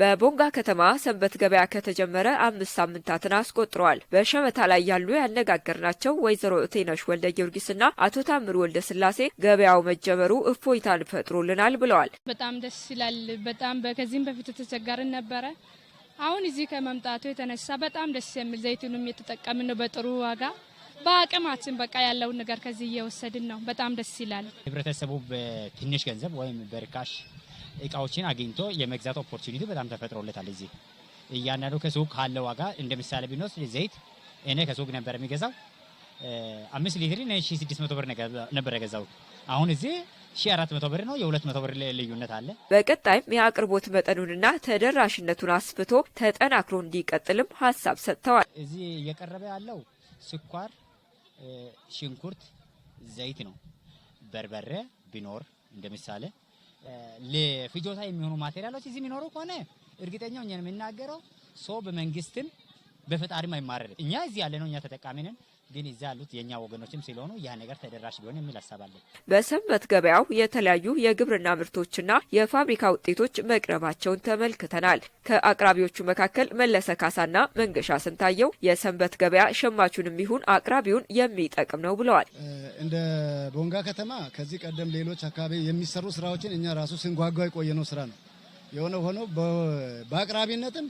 በቦንጋ ከተማ ሰንበት ገበያ ከተጀመረ አምስት ሳምንታትን አስቆጥረዋል። በሸመታ ላይ ያሉ ያነጋገርናቸው ወይዘሮ እቴነሽ ወልደ ጊዮርጊስና አቶ ታምር ወልደ ስላሴ ገበያው መጀመሩ እፎይታን ፈጥሮልናል ብለዋል። በጣም ደስ ይላል። በጣም ከዚህም በፊት ተቸጋርን ነበረ። አሁን እዚህ ከመምጣቱ የተነሳ በጣም ደስ የሚል ዘይቱንም የተጠቀምን ነው በጥሩ ዋጋ በአቅማችን በቃ ያለውን ነገር ከዚህ እየወሰድን ነው። በጣም ደስ ይላል። ህብረተሰቡ በትንሽ ገንዘብ ወይም በርካሽ እቃዎችን አግኝቶ የመግዛት ኦፖርቹኒቲ በጣም ተፈጥሮለታል። እዚህ እያንዳንዱ ከሱቅ ካለ ዋጋ እንደ ምሳሌ ቢንወስድ ዘይት እኔ ከሱቅ ነበር የሚገዛው አምስት ሊትር ሺ ስድስት መቶ ብር ነበር የገዛው። አሁን እዚህ ሺ አራት መቶ ብር ነው። የሁለት መቶ ብር ልዩነት አለ። በቀጣይም የአቅርቦት መጠኑንና ተደራሽነቱን አስፍቶ ተጠናክሮ እንዲቀጥልም ሀሳብ ሰጥተዋል። እዚህ እየቀረበ ያለው ስኳር፣ ሽንኩርት፣ ዘይት ነው። በርበሬ ቢኖር እንደ ምሳሌ ለፍጆታ የሚሆኑ ማቴሪያሎች እዚህ የሚኖሩ ከሆነ እርግጠኛው እኛ የምናገረው ሰው በመንግስትም በፈጣሪም አይማረርም። እኛ እዚህ ያለነው እኛ ተጠቃሚ ነን። ግን እዚያ ያሉት የእኛ ወገኖችም ስለሆኑ ያ ነገር ተደራሽ ቢሆን የሚል ሀሳብ በሰንበት ገበያው የተለያዩ የግብርና ምርቶችና የፋብሪካ ውጤቶች መቅረባቸውን ተመልክተናል። ከአቅራቢዎቹ መካከል መለሰ ካሳና መንገሻ ስንታየው የሰንበት ገበያ ሸማቹንም ይሁን አቅራቢውን የሚጠቅም ነው ብለዋል። እንደ ቦንጋ ከተማ ከዚህ ቀደም ሌሎች አካባቢ የሚሰሩ ስራዎችን እኛ ራሱ ስንጓጓ የቆየነው ስራ ነው። የሆነ ሆኖ በአቅራቢነትም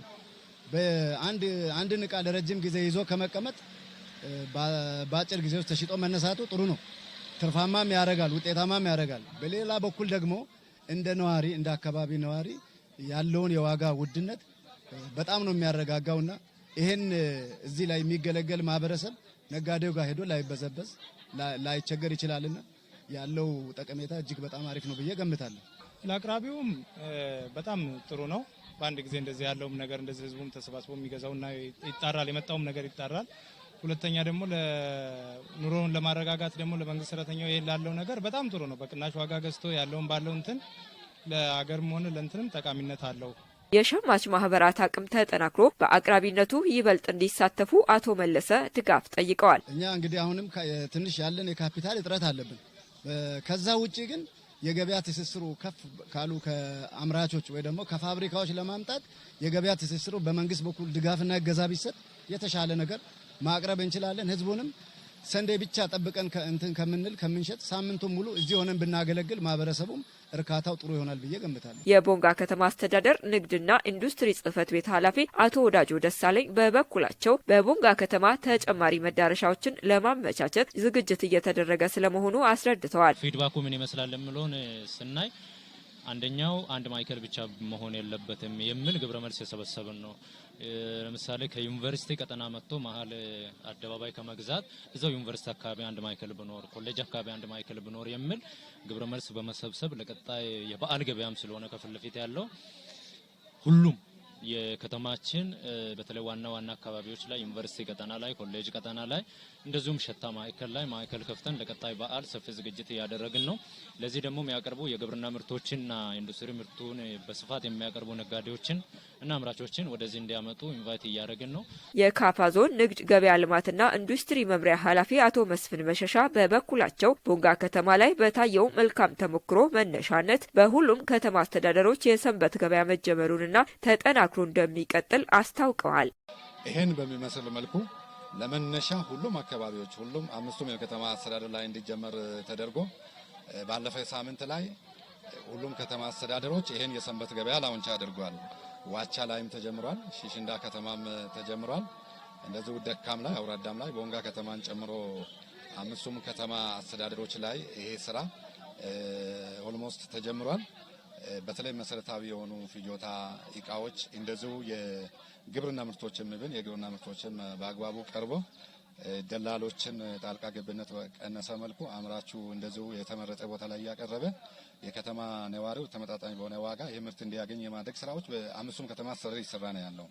በአንድ አንድን እቃ ለረጅም ጊዜ ይዞ ከመቀመጥ በአጭር ጊዜ ውስጥ ተሽጦ መነሳቱ ጥሩ ነው። ትርፋማም ያደርጋል፣ ውጤታማም ያደርጋል። በሌላ በኩል ደግሞ እንደ ነዋሪ እንደ አካባቢ ነዋሪ ያለውን የዋጋ ውድነት በጣም ነው የሚያረጋጋውና ይህን እዚህ ላይ የሚገለገል ማህበረሰብ ነጋዴው ጋር ሄዶ ላይበዘበዝ ላይቸገር ይችላልና ያለው ጠቀሜታ እጅግ በጣም አሪፍ ነው ብዬ ገምታለሁ። ለአቅራቢውም በጣም ጥሩ ነው። በአንድ ጊዜ እንደዚህ ያለውም ነገር እንደዚህ ህዝቡም ተሰባስቦ የሚገዛውና ይጣራል፣ የመጣውም ነገር ይጣራል። ሁለተኛ ደግሞ ኑሮውን ለማረጋጋት ደግሞ ለመንግስት ሰራተኛው ይሄ ላለው ነገር በጣም ጥሩ ነው። በቅናሽ ዋጋ ገዝቶ ያለውን ባለው እንትን ለሀገርም ሆነ ለእንትንም ጠቃሚነት አለው። የሸማች ማህበራት አቅም ተጠናክሮ በአቅራቢነቱ ይበልጥ እንዲሳተፉ አቶ መለሰ ድጋፍ ጠይቀዋል። እኛ እንግዲህ አሁንም ትንሽ ያለን የካፒታል እጥረት አለብን። ከዛ ውጭ ግን የገበያ ትስስሩ ከፍ ካሉ ከአምራቾች ወይ ደግሞ ከፋብሪካዎች ለማምጣት የገበያ ትስስሩ በመንግስት በኩል ድጋፍና እገዛ ቢሰጥ የተሻለ ነገር ማቅረብ እንችላለን። ህዝቡንም ሰንዴ ብቻ ጠብቀን እንትን ከምንል ከምንሸጥ ሳምንቱን ሙሉ እዚህ ሆነን ብናገለግል ማህበረሰቡም እርካታው ጥሩ ይሆናል ብዬ ገምታለሁ። የቦንጋ ከተማ አስተዳደር ንግድና ኢንዱስትሪ ጽህፈት ቤት ኃላፊ አቶ ወዳጆ ደሳለኝ በበኩላቸው በቦንጋ ከተማ ተጨማሪ መዳረሻዎችን ለማመቻቸት ዝግጅት እየተደረገ ስለመሆኑ አስረድተዋል። ፊድባኩ ምን ይመስላል የምለውን ስናይ አንደኛው አንድ ማዕከል ብቻ መሆን የለበትም የሚል ግብረ መልስ የሰበሰብን ነው። ለምሳሌ ከዩኒቨርሲቲ ቀጠና መጥቶ መሀል አደባባይ ከመግዛት እዛው ዩኒቨርሲቲ አካባቢ አንድ ማዕከል ብኖር፣ ኮሌጅ አካባቢ አንድ ማዕከል ብኖር የሚል ግብረ መልስ በመሰብሰብ ለቀጣይ የበዓል ገበያም ስለሆነ ከፊት ለፊት ያለው ሁሉም የከተማችን በተለይ ዋና ዋና አካባቢዎች ላይ ዩኒቨርሲቲ ቀጠና ላይ ኮሌጅ ቀጠና ላይ እንደዚሁም ሸታ ማዕከል ላይ ማዕከል ከፍተን ለቀጣይ በዓል ሰፊ ዝግጅት እያደረግን ነው። ለዚህ ደግሞ የሚያቀርቡ የግብርና ምርቶችንና ኢንዱስትሪ ምርቱን በስፋት የሚያቀርቡ ነጋዴዎችን እና አምራቾችን ወደዚህ እንዲያመጡ ኢንቫይት እያደረግን ነው። የካፋ ዞን ንግድ ገበያ ልማትና ኢንዱስትሪ መምሪያ ኃላፊ አቶ መስፍን መሸሻ በበኩላቸው ቦንጋ ከተማ ላይ በታየው መልካም ተሞክሮ መነሻነት በሁሉም ከተማ አስተዳደሮች የሰንበት ገበያ መጀመሩንና ተጠና ተጠናክሮ እንደሚቀጥል አስታውቀዋል። ይህን በሚመስል መልኩ ለመነሻ ሁሉም አካባቢዎች ሁሉም አምስቱም የከተማ አስተዳደር ላይ እንዲጀመር ተደርጎ ባለፈ ሳምንት ላይ ሁሉም ከተማ አስተዳደሮች ይህን የሰንበት ገበያ ላውንቻ አድርጓል። ዋቻ ላይም ተጀምሯል። ሺሽንዳ ከተማም ተጀምሯል። እንደዚሁ ደካም ላይ አውራዳም ላይ ቦንጋ ከተማን ጨምሮ አምስቱም ከተማ አስተዳደሮች ላይ ይሄ ስራ ኦልሞስት ተጀምሯል። በተለይ መሰረታዊ የሆኑ ፍጆታ እቃዎች እንደዚሁ የግብርና ምርቶችን ምብን የግብርና ምርቶችን በአግባቡ ቀርቦ ደላሎችን ጣልቃ ገብነት በቀነሰ መልኩ አምራቹ እንደዚሁ የተመረጠ ቦታ ላይ እያቀረበ የከተማ ነዋሪው ተመጣጣኝ በሆነ ዋጋ ይህ ምርት እንዲያገኝ የማድረግ ስራዎች በአምስቱም ከተማ ስር ይሰራ ነው ያለው።